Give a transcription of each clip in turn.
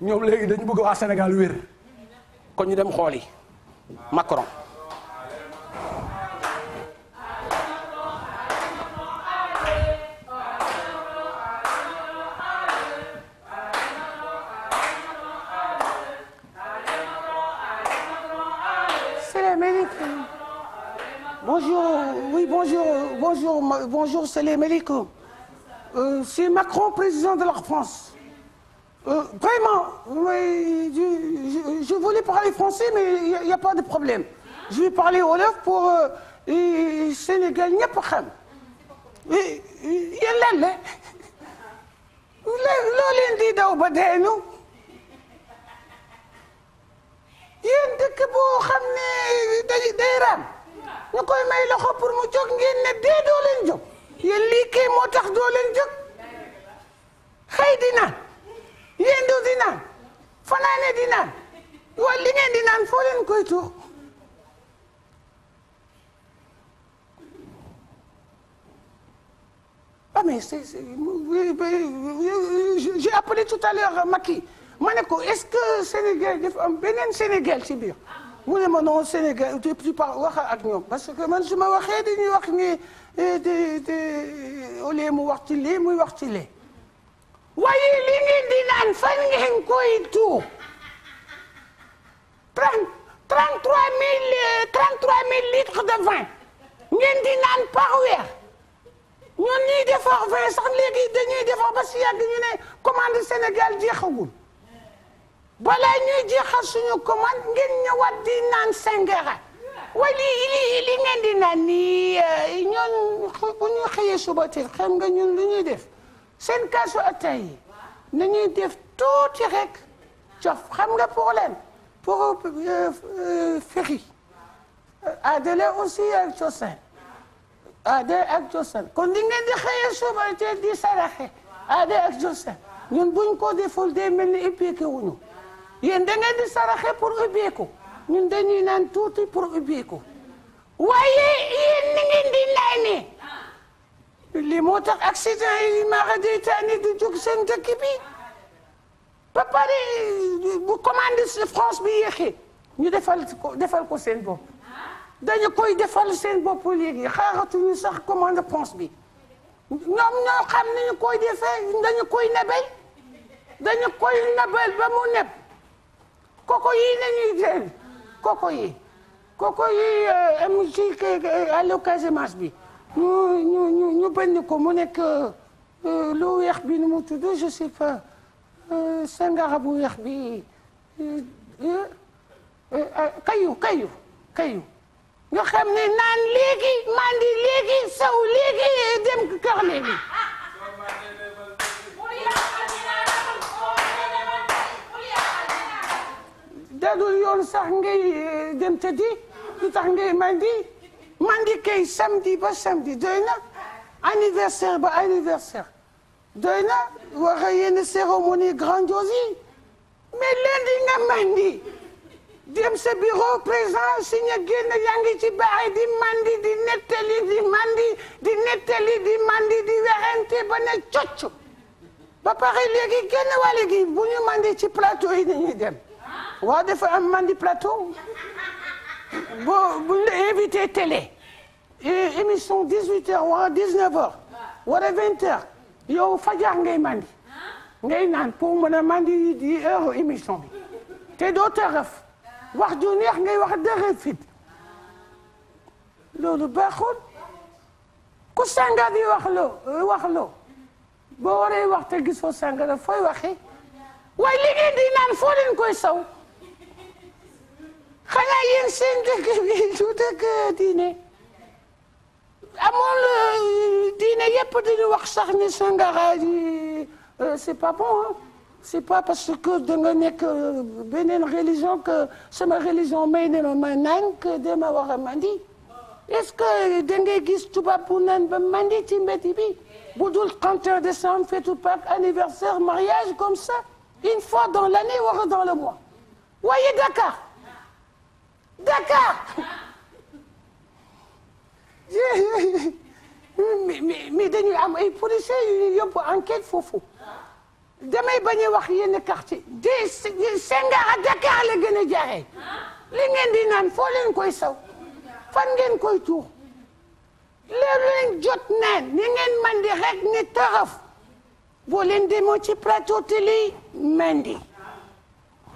ñoom léegi dañu bëgg waa Sénégal wér kon ñu dem xool yi Macron. salaamaaleykum bonjour oui bonjour bonjour bonjour salaamaaleykum. Euh, c'est Macron président de la France. Euh, vraiment, oui, je, je, je, voulais parler français, mais il euh, n'y a, pas de problème. Je parler wolof pour Sénégal ñëpp xam. yéen lan la loo leen di daw ba deenu yéen dëkk boo xam ne day day raam ñu koy may loxo pour mu jóg ne dee doo leen jóg yéen lii kay moo tax doo leen fanaane di naan waa li ngeen di naan foo leen koy tuux ah mais tout à l'heure Macky ma ne ko est-ce que Sénégal def am beneen Sénégal ci biir mu ma non Sénégal tu tu wax ak ñoom parce que man su ma waxee dañuy wax ni de eh, de au lieu mu wax ci lii muy wax ci lee waaye eh, eh. li ngeen eh, di naan fan ngeen koy tuur trente trente trois mille litres de vin ngeen di naan par weer ñun ñuy defar vin sax léegi dañuy ba si yàgg ñu commande Sénégal jeexagul balaa ñuy jeexal suñu commande ngeen ñëwaat di naan Singara wala ngeen di naan nii ñoom bu ñu xëyee suba teel xam nga def. seen kaasu attaay yi na ñuy def tuuti rek cof xam nga pour leen euh, pour fexi aadale aussi ak cosaan aadale ak cosaan kon di ngeen di xëyee suba te di saraxe aadale ak cosaan ñun buñ ko deful day mel ni ubbeeku wuñu yéen da ngeen di saraxe pour ubbeeku ñun dañuy naan tuuti pour ubbeeku waaye yéen ni ngeen di naanee lii moo tax accident yi mara deytaani di jóg seen dëkk bi ba pare bu commande France bi yéexee ñu defal ko defal ko seen bopp dañu koy defal seen bopp léegi xaaratuñu sax commande France bi ñoom ñoo xam ni ñu koy defee dañu koy nebel dañu koy nebel ba mu neb koko yi nañuy jël koko yi koko yi am ci bi ñu ñu ñu ko mu nekk euh, lu weex bi nu mu tudd je sais pas euh, sangara bu weex bi euh, kayu kayu kayu nga xam ne mandi léegi saw léegi dem kër léegi dadul yoon sax ngay dem tëddi lu tax ngay mandi man di kay samedi ba samedi doy na anniversaire ba anniversaire doy na war a yenn cérémonie grandiose yi mais lundi nga mandi dem sa bureau présent si ña génn yaa ci baax di mandi di nettali di mandi di nettali di mandi di werante ba ne cocc ba pare léegi génn wàll gi bu ñu mandi ci plateau yi dañuy dem waaw dafa am mandi plateau boo bu ñu la invité télé émission 18h wala 19h wala 20h yow fajar ngay mandi ngay naan pour mën a mandi di heure émission bi te doo taraf wax ju neex ngay wax dara fit loolu baaxul ku sànga bi wax loo wax loo boo waree wax te gisoo sàngara fooy waxee waaye li ngeen di naan foo leen koy saw. xanaa yéen seen dëkk bi du amoon euh, diine yëpp dañu wax sax ni sangara euh, euh, c'est pas bon c'est pas parce que da nga nekk beneen religion que sama religion may ne ma ma que dama war a mandi est-ce que da ngay gis tubaab bu nan ba mandi ci mbedd bi bu dul 31 décembre fetu Pâques anniversaire mariage comme ça une fois dans l'année wala dans le mois waaye Dakar Dakar mais dañuy am ay policiers yu ñu yóbbu enquête foofu damay bañ a wax yenn quartier des Senghor à Dakar la gën a jaaree li ngeen di naan foo leen koy saw fan ngeen koy tuur leer leen jot naan ni ngeen mandi rek ni taraf boo leen demoo ci plateau télé mandi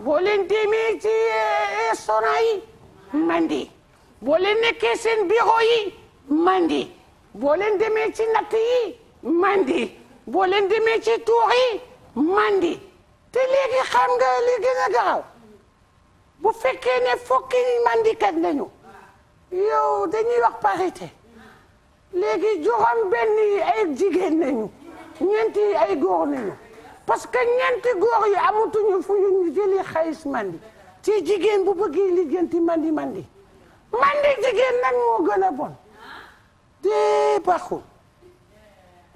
boo leen demee ci eh, restaurant yi mandi boo leen nekkee seen bureau yi mandi boo leen demee ci natt yi mandi boo leen demee ci tuux yi mandi te léegi xam nga li gën a bu fekkee ne fukki mandikat lañu yow dañuy wax parité léegi juróom benn yi ay jigéen lañu ñeenti ay góor lañu parce que ñeenti góor yi amatuñu fu ñu jëli xaalis mandi ci jigéen bu bëggee lijjanti mandi mandi mandi jigéen nag moo gën a bon dee baxul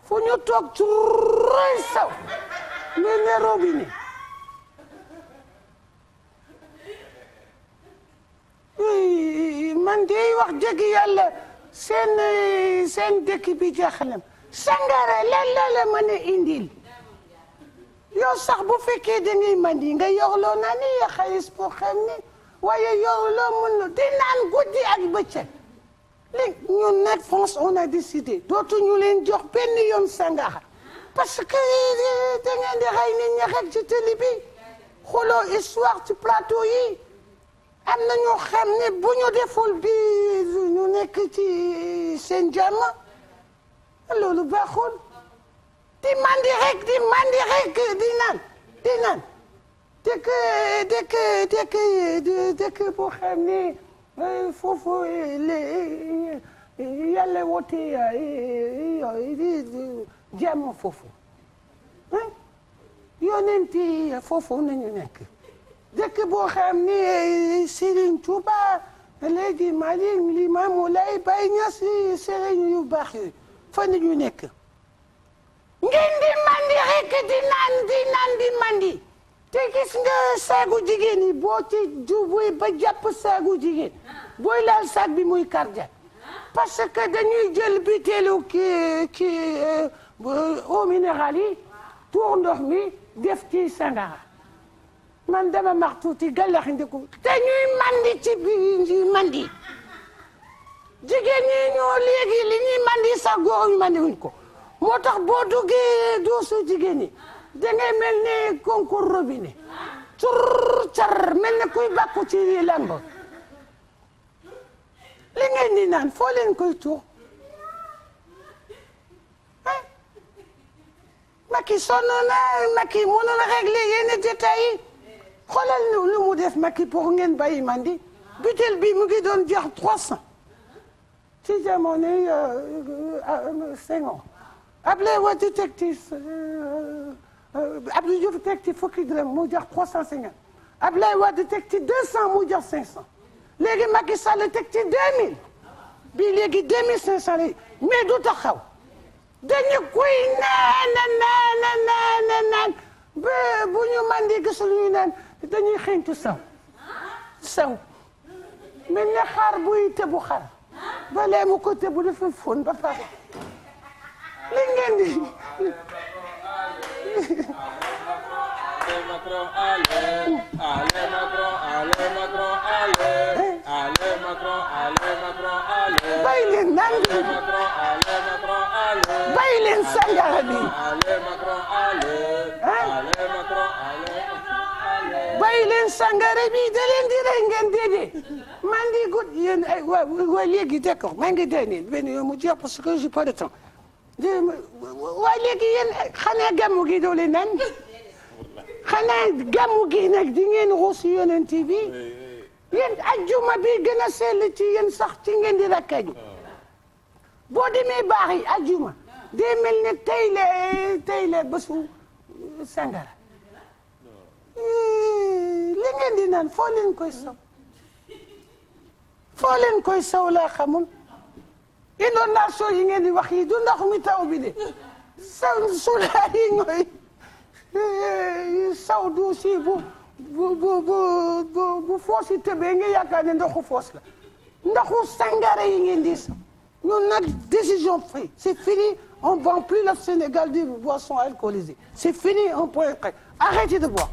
fu ñu toog curoy saw ne ne robinet man dey wax dëgg yàlla seen seen dëkk bi jaaxalem sangara lan la la mën a indil yow sax bu fekkee da ngay mandi nga yorloo naa ni ya xaalis boo xam ni waaye yorloo mën na di naan guddi ak bëccëg léegi ñun nag France on a décidé dootu ñu leen jox benn yoon sangara parce que euh, da ngeen di rey nit ñi rek ci télé bi xooloo histoire ci plateau yi am na ñoo xam ne bu ñu deful bi ñu nekk ci euh, seen jàmm loolu baaxul. di mandi rek di mandi rek di naan di naan dëkk dëkk dëkk dëkk boo xam ne euh, foofu euh, yàlla woote euh, jàmm foofu yonenti foofu nañu nekk dëkk boo xam ne Serigne Touba léegi Malick Limamou Laye Baye Niass Serigne yu baax yi fa nañu nekk lekk di naan di naan di mandi te gis nga seegu jigéen yi boo ci jubee ba jàpp seegu jigéen laal saag bi muy cardiaque parce que dañuy jël butéelu kii kii euh, eau minérale tuur ndox mi def ci sangara man dama max tuuti gàllax ndiku te ñuy mandi ci bi mandi jigéen ñi ñoo léegi li ñuy mandi sax góor mandi wuñ ko moo tax boo duggee doosu jigéen ñi da ngay mel ne concours robinet tur car mel ne kuy bàkku ci lemb li ngeen di naan foo leen koy tuux ah Macky sonn na Macky mënoon a lu mu def Macky pour ngeen bàyyi mandi butel bi mu ngi doon jox trois cent ci jamono euh, euh, euh, Senghor Ablaye Wade teg ci Abdou Diouf teg ci fukki dërëm mu jox 350 Ablaye Wade teg ci 200 mu jox 500 léegi Macky Sall teg ci 2000 bii léegi 2500 lay mais du taxaw dañu koy naan naan naan naan ba bu ñu mën dañuy xëyntu saw saw mel ne xaar buy mu ko tëbu dafa fóon ba pare. li ngeen di bay leen naan bi bay leen sangara bi bay leen sangara bi da leen di rey ngeen déedéet man di gudd yéen ay waa léegi d'accord maa ngi dee nii benn yoon mu jeex parce que j'ai pas de temps waaye léegi yéen xanaa gàmmu gi doole nan xanaa gàmmu gi nag di ngeen ruus yonent bi yéen ajjuma bi gën a sell ci sax ci ngeen di rakka ji boo demee baax yi ajjuma day mel ne tey la tey la bésu li ngeen di naan foo koy saw foo koy saw laa xamul inondation yi ngeen di wax yi du ndox mi taw bi de saw sulaa yi ñooy saw du si bu bu bu bu bu foos yi tëbee nga yaakaar ne ndoxu foos la ndoxu sangara yi ngeen di saw ñun nag décision prise c'est fini on vend plus le Sénégal des boissons alcoolisées c'est fini un point près arrêtez de boire